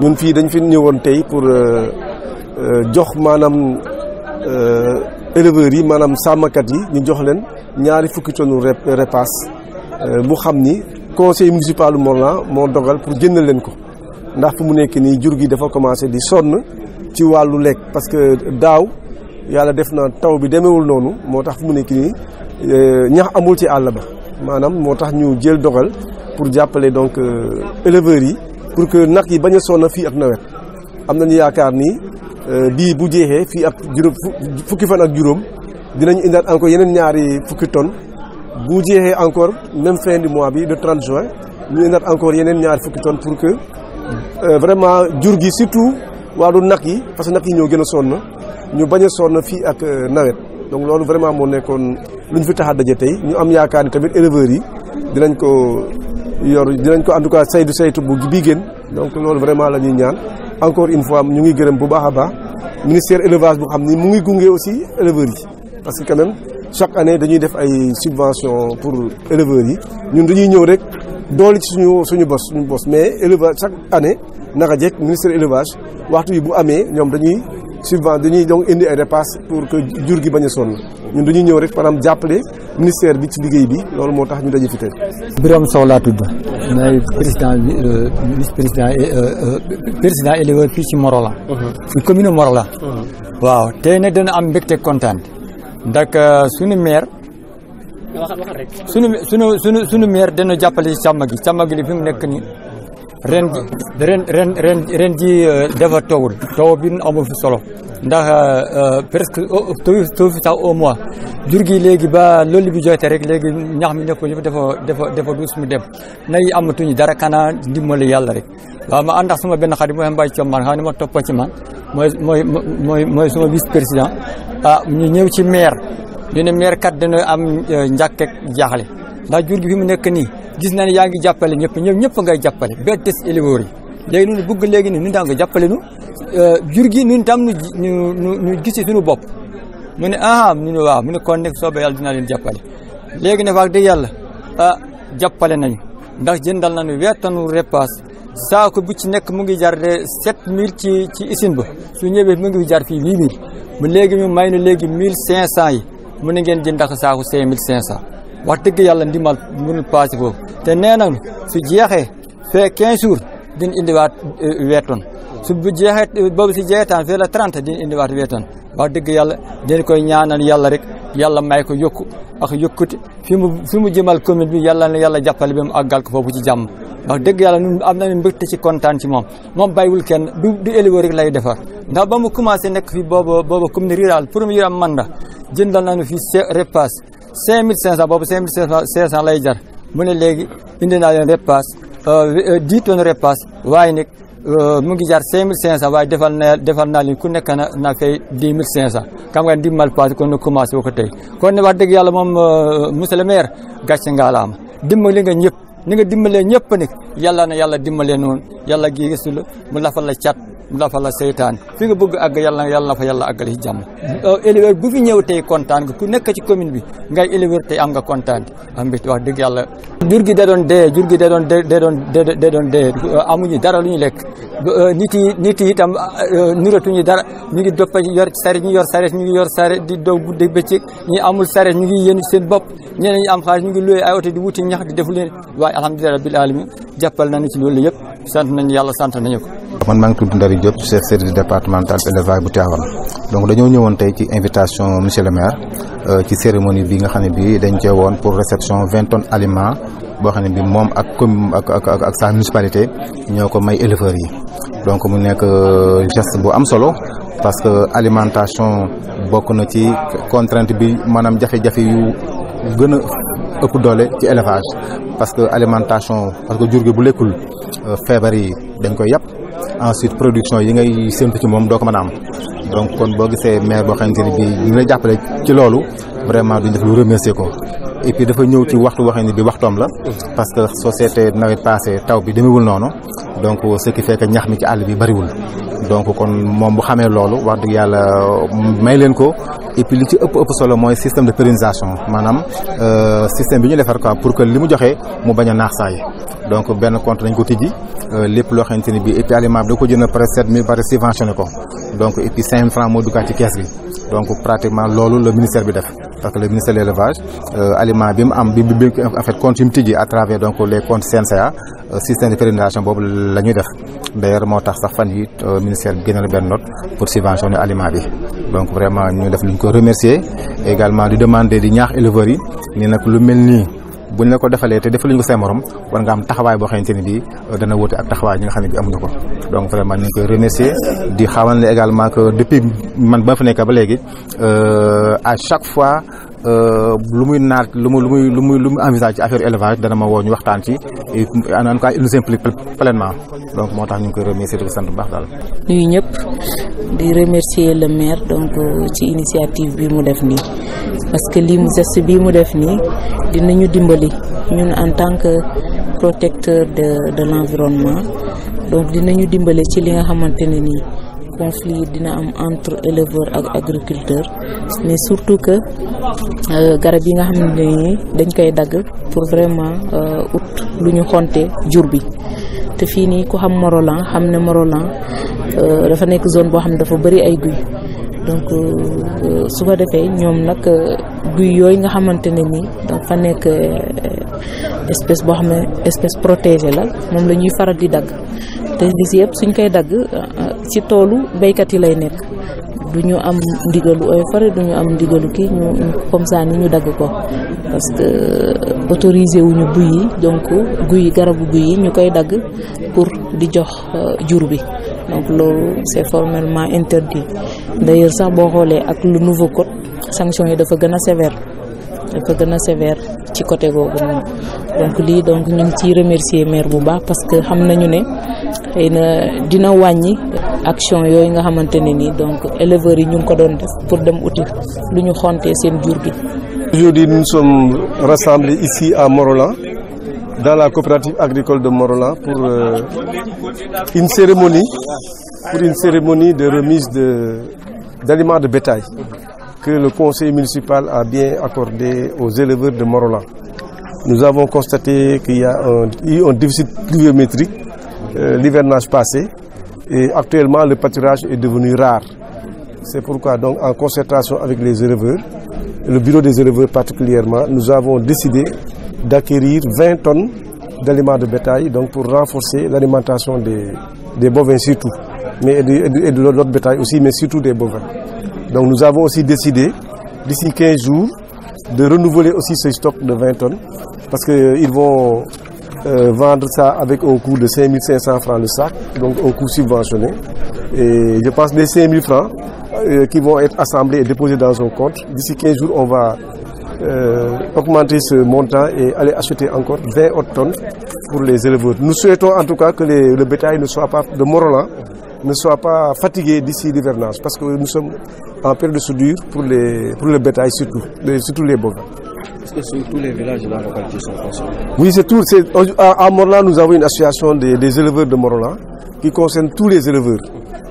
ñun fii dañ fi ñëwoon tey pour euh, euh, jox maanaam euh, éleveurs yi maanaam sàmmkat yi ñu jox leen ñaari fukki tonu repas bu xam ni conseil municipal Monlan moo dogal pour jënd leen ko ndax fu mu nekk nii jur gi dafa commencé di sonn ci wàllu lekk parce que daaw yàlla def na taw bi demewul noonu moo tax fu mu nekk nii ñax amul ci àll ba maanaam moo tax ñu jël dogal pour jàppale donc éleveurs yi pour que nag yi bañ a sonn fii ak nawet am nañu yaakaar ni euh, bii bu jeexee fii ak juróom fukki fan ak juróom dinañ indaat encore yeneen ñaari fukki tonnes bu jeexee encore même fin du mois bi de 30 juin ñu indaat encore yeneen ñaari fukki ton pour que euh, vraiment jur gi surtout wàllu nag yi parce que nag yi ñoo gën a sonn ñu bañ a sonn fii ak euh, nawet donc loolu vraiment moo nekkoon lu ñu fi tax a tey ñu am yaakaar ni tamit éleveurs yi dinañ ko. yor dinañ ko en tout cas saytu saytu bu bii gën donc loolu vraiment la ñuy ñaan encore une fois ñu ngi gërëm bu baax a baax ministère élevage bu xam ni mu ngi gunge aussi éleveurs yi parce que quand même chaque année dañuy def ay subvention pour éleveurs yi ñun dañuy ñëw rek doole ci suñu suñu bos suñu bos mais élevage chaque année naka jekk ministère élevage waxtu yi bu amee ñoom dañuy subvention dañuy donc indi ay repas pour que jur gi bañ a sonn ñun dañuy ñëw rek par jàppale ministère bi ci liggéey bi loolu moo tax ñu daje fi tey. Birame Sow laa tudd may président euh, vice président euh, euh, président éleveur fii ci Morola. Uh-huh. ci commune moro Morola. Uh-huh. waaw te nag dana am mbégte kontaan ndax suñu maire. suñu suñu suñu sunu maire dana jàppale càmm gi càmm gi li fi mu nekk nii ren uh-huh. ren ren ren ji dafa toogul taw bi amu fi solo. ndax euh, euh, presque tooy euh, tooy fi sax au mois jur gi léegi ba loolu bi joyte rek léegi ñax mi nekkul yëpp dafa dafa dafa duus mu dem nay amatuñu dara kana ndimbali yàlla rek waaw ma ànd ak benn xarit mooy Mbaye Thiam man xam ne ma topp ci man mooy mooy mooy mooy sama vice président ah ñu ñëw ci maire ñu ne maire kat dana am njàkkeeg jaaxle ndax jur gi fi mu nekk nii gis naa ne yaa ngi jàppale ñëpp ñëpp ñëpp ngay jàppale ba tes éleveurs yi léegi ñun bugg léegi ni ñun tam nga jàppale nu euh, jur gi ñun tam ñu ñu ñu gis suñu bopp mu ne ah ñu ne waaw mu ne kon nag soobee yàlla dinaa leen jàppale léegi nag wax dëgg yàlla ah jàppale nañu ndax jëndal nañu weer tanu repas saako bu ci nekk mu ngi jar sept mille ci ci usine ba su ñëwee mu ngi jar fii huit mille ba léegi ñu may nu léegi mille cinq cent yi mu ne ngeen jënd ak saako cinq mille cinq cent wax dëgg yàlla ndimal mënul paase foofu te nee nañu su jeexee fee quinze jours din indiwaat e, weer tonne su bu jeexee boobu si jeexitaan vers le trente din indiwaat weer tonne wax dëgg yàlla din koy ñaanal yàlla rek yàlla may ko yokku ak yokkute fi mu fi mu jëmal commune bi yàlla na yàlla jàppale bi mu àggal ko foofu ci jàmm wax dëgg yàlla ñun am nañu mbégte ci kontaan ci moom moom bàyyiwul kenn du du éleveur rek lay defar ndax ba mu commencé nekk fi boobu boobu commune rurale premier mandat jëndal nañu fi repas cinq mille cinq cent boobu cinq mille cinq cent lay jar mu ne léegi indi naa leen repas Euh, euh, dix tonnes repas waaye nag euh, mu ngi jar cinq mille cinq cent waaye defal na defal naa leen ku nekk na na fay dix mille cinq cent xam nga ndimbal paas kon nu commencé woo ko tey kon ne wax dëgg yàlla moom monsieur le maire gàcce ngaalaama dimbali nga ñëpp ni nga dimbalee ñëpp nag na yàlla dimbalee noonu yàlla gii gisul mu lafal la cat dafa la seytaan fi nga bëgg àgg yàlla yàlla na fa yàlla àggale ci jàmm mm-hmm. euh, éleveur bu fi ñëw tey kontaan nga ku nekk ci commune bi ngay éleveur tey am nga kontaan am mbégte wax dëgg yàlla jur gi da doon dee jur gi da doon da doon da doon dee euh, amuñu dara lu ñu lekk euh, nit yi nit yi itam nuratuñu dara ñu ngi doppa yor saret ñu yor saret ñu ngi yor saret di dow guddi bëccëg ñi amul saret ñu ngi yéen seen bopp ñeneen ñi am xaalis ñu ngi looyee ay oto di wuti ñax di def leen waaye alhamdulilah rabbil alamin jàppal nañu ci loolu yëpp sant nañu yàlla sant nañu ko man maa ngi tudd Ndari Diop chef service départemental élevage bu Tivaouane donc dañoo ñëwoon tey ci invitation monsieur le maire euh, ci cérémonie bi nga xam ne bi dañ cee woon pour réception vingt tonnes aliments boo xam ne bi moom ak commune ak ak ak sa municipalité ñoo ko may éleveurs yi donc mu nekk euh, geste bu am solo parce que alimentation bokk na ci contrainte bi maanaam jafe-jafe yu gën ëpp doole ci élevage parce que alimentation parce que jur gi bu lekkul euh, feebar yi dañ koy yàpp ensuite production yi ngay séntu ci moom doo ko mën a am donc kon boo gisee maire boo xamante ni bii ñu jàppale ci loolu vraiment duñ def lu remercier ko et puis dafa ñëw ci waxtu waxee ni bi waxtoom la parce que société nawet passé taw bi demewul noonu donc ce qui fait ñax mi ci àll bi bariwul donc kon moom bu xamee loolu wax dëgg yàlla may leen ko et li ci ëpp ëpp solo mooy système de pérennisation maanaam euh, système bi ñu defar quoi pour que li mu joxe mu bañ a naax saa yi donc benn compte nañ ko tijji euh, lépp loo xamante ni bii et puis aliment bi da ko jënd pare 7000 pare subventionné ko donc et puis 5000 francs moo duggaat ci kees gi. donc pratiquement loolu le ministère bi def parce que le ministère de l'élevage euh, aliment bi mu am bi bi en fait compte yu mu tijji à travers donc les comptes CNCA euh, système de pérénation boobu la ñuy def d'ailleurs moo tax sax fan yi euh, ministère bi génnal benn note pour subventionner aliment bi donc vraiment ñu def lu ñu ko remercier également di demander di ñaax éleveurs yi ni nag lu mel nii bu buñ la ko defalee te defaluñ ko say morom war nga am taxawaay boo xamante ne bii euh, dana wóote ak taxawaay ñi nga xam ne bi amuñu ko donc vraiment ñu ngi koy remercier di xamal ne également que depuis man ba fa nekk ba léegi euh, à chaque fois Euh, lu muy naat lu mu lu muy lu muy lu mu envisage ci affaire élevage dana ma woo ñu waxtaan ci en tout cas il nous implique pleinement donc moo tax ñu ngi koy remercier di ko sant bu baax ñëpp di remercier le maire donc ci initiative bi mu def nii parce que lii mu geste bii mu def nii dinañu dimbali ñun en tant que protecteur de de l'environnement donc ñu dimbali ci li nga xamante ne nii. conflit yi dina am entre éleveur ak agriculteur mais surtout que euh, garab yi nga xam ne dañ koy dagg pour vraiment euh, ut lu ñu xonte jur bi te fii nii ku xam Morolan xam ne Morolan euh, dafa nekk zone boo xam ne dafa bëri ay guy donc su ko defee ñoom nag guy yooyu nga xamante ne nii dafa nekk espèce boo xam ne espèce protégée la moom la ñuy faral di dagg te bis yëpp suñ koy dagg ci toolu béykat yi lay nekk du ñu am ndigalu OFR du ñu am ndigalu kii ñu comme ça ñu dagg ko parce que euh, autorisé wuñu guy yi donc guy garabu guy yi ñu koy dagg pour di jox euh, jur bi donc loolu c'est formellement interdit d'ailleurs sax boo xoolee ak le nouveau code sanction yi dafa gën a sévère dafa gën a sévère ci côté googu noonu donc lii donc ñu ngi ciy remercier maire bu baax parce que xam nañu ne xëy na dina wàññi action yooyu nga xamante ne nii donc éleveurs yi ñu ngi ko doon def pour dem uti lu ñu xontee seen jur gi. Aujourd'hui nous sommes rassemblés ici à Morolan dans la coopérative agricole de Morolan pour euh, une cérémonie pour une cérémonie de remise de d'aliments de bétail. que le conseil municipal a bien accordé aux éleveurs de Morolan. Nous avons constaté qu'il y a un, eu un déficit pluviométrique euh, l'hivernage passé et actuellement le pâturage est devenu rare. C'est pourquoi en concertation avec les éleveurs, le bureau des éleveurs particulièrement, nous avons décidé d'acquérir 20 tonnes d'aliments de bétail donc pour renforcer l'alimentation des, des bovins surtout, mais et de, de, de l'autre bétail aussi, mais surtout des bovins. Donc nous avons aussi décidé, d'ici quinze jours, de renouveler aussi ce stock de 20 tonnes, parce qu'ils euh, vont euh, vendre sa avec un coût de 5500 francs le sac, donc un coût subventionné. Et je pense les 5000 francs euh, qui vont être assemblés et déposés dans un compte, d'ici 15 jours, on va euh, augmenter ce montant et aller acheter encore 20 autres tonnes pour les éleveurs. Nous souhaitons en tout cas que les, le bétail ne soit pas de Morolan, ne soit pas fatigués d'ici l'hivernage, parce que nous sommes en période de soudure pour, les, pour le bétail surtout, les, surtout les bovins. les villages de la localité sont concernés Oui, À, à Morlan, nous avons une association des, des éleveurs de Morlan qui concerne tous les éleveurs.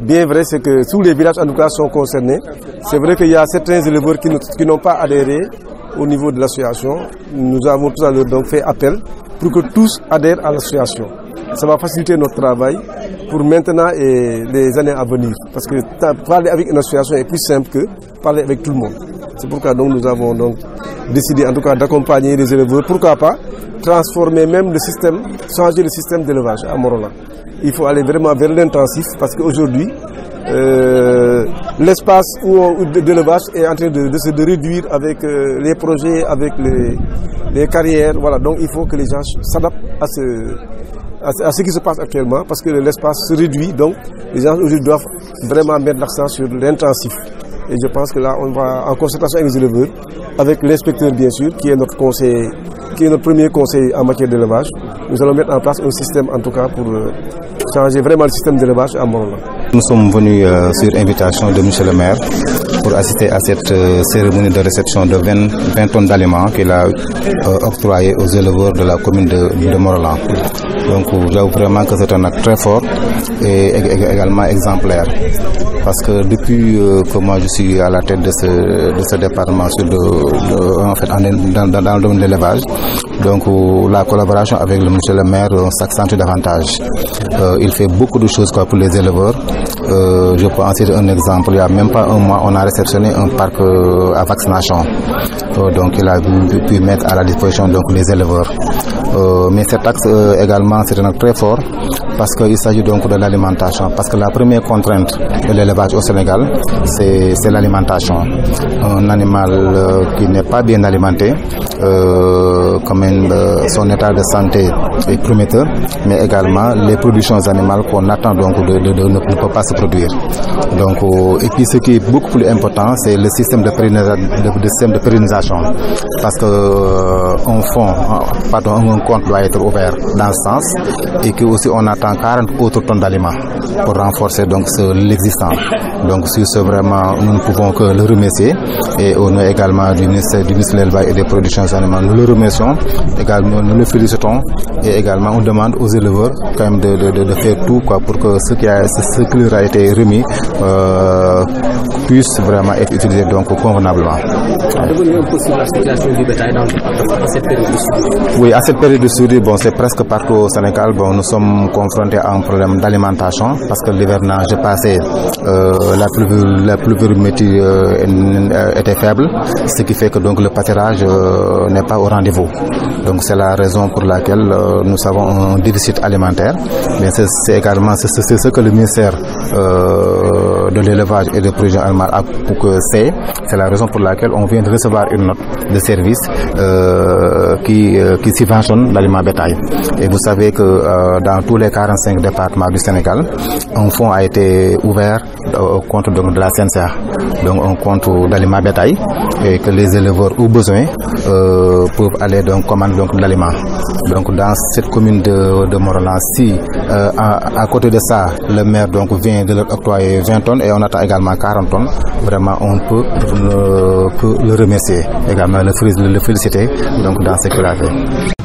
Bien vrai, c'est que tous les villages en tout cas sont concernés. C'est vrai qu'il y a certains éleveurs qui n'ont pas adhéré au niveau de l'association. Nous avons tout à l'heure donc fait appel pour que tous adhèrent à l'association. ça va faciliter notre travail pour maintenant et les années à venir. Parce que parler avec une association est plus simple que parler avec tout le monde. C'est pourquoi nous avons donc décidé en tout cas d'accompagner les éleveurs. Pourquoi pas transformer même le système, changer le système d'élevage à Morola. Il faut aller vraiment vers l'intensif parce qu'aujourd'hui, euh, l'espace d'élevage est en train de, de se de réduire avec euh, les projets, avec les, les, carrières. Voilà, donc il faut que les gens s'adaptent à ce, à, à, qui se passe actuellement parce que l'espace se réduit. Donc les gens aujourd'hui doivent vraiment mettre l'accent sur l'intensif. Et je pense que là, on va en concertation avec les éleveurs, avec l'inspecteur bien sûr, qui est notre conseiller qui est notre premier conseil en matière d'élevage. Nous allons mettre en place un système, en tout cas, pour euh, changer vraiment le système d'élevage à Morolan. Nous sommes venus euh, sur invitation de M. le maire pour assister à cette euh, cérémonie de réception de 20, 20 tonnes d'aliments qu'il la euh, octroyé aux éleveurs de la commune de, de Morolan. Donc j'avoue vraiment que c'est un acte très fort et également exemplaire. Parce que depuis euh, que moi je suis à la tête de ce, de département sur de, de, en fait, dans, dans, le domaine de Donc euh, la collaboration avec le monsieur le maire euh, s'accentue davantage. Euh, il fait beaucoup de choses quoi, pour les éleveurs. je peux en citer un exemple. Il n'y a même pas un mois, on a réceptionné un parc à vaccination. donc il a pu, mettre à la disposition donc, les éleveurs. Euh, mais cet axe euh, également, c'est un axe très fort parce qu'il s'agit donc de l'alimentation. Parce que la première contrainte de l'élevage au Sénégal, c'est l'alimentation. Un animal euh, qui n'est pas bien alimenté, euh, quand même, euh, son état de santé est prometteur, mais également les productions animales qu'on attend donc de, de, de, ne, ne, peut pas se produire. Donc, euh, et puis ce qui est beaucoup plus important, c'est le système de, pérennisation. de pérennisation parce que on fond, ah, pardon, un un compte doit être ouvert dans ce sens et que aussi on attend 40 autres tonnes d'aliments pour renforcer donc l'existant. Donc sur ce vraiment nous ne pouvons que le remercier et au nom également du ministère du ministère de l'élevage et des productions animales nous le remercions également nous le félicitons et également on demande aux éleveurs quand même de, faire tout quoi pour que ce qui a ce qui leur a été remis euh, puisse vraiment être utilisé donc convenablement. Oui, à pénurie de soudure, c'est presque partout au Sénégal. Bon, nous sommes confrontés à un problème d'alimentation parce que l'hivernage passé, euh, la, pluvium, la pluviométrie euh, était faible, ce qui fait que donc le pâturage euh, n'est pas au rendez-vous. Donc c'est la raison pour laquelle euh, nous avons un déficit alimentaire. Mais c'est également c'est ce que le ministère euh, de l'élevage et de production animale à C. C'est la raison pour laquelle on vient de recevoir une note de service euh, qui, euh, subventionne l'aliment bétail. Et vous savez que euh, dans tous les départements du Sénégal, un fonds a été ouvert euh, de la CNCA, donc un compte d'aliment bétail, et que les éleveurs ont besoin peuvent aller donc commander donc, de l'aliment. Donc dans cette commune de, de si à, côté de ça, le maire donc vient de leur octroyer tonnes et on également 40 tonnes. Vraiment, on peut le, peut le remercier également, le, le féliciter donc, dans ce qu'il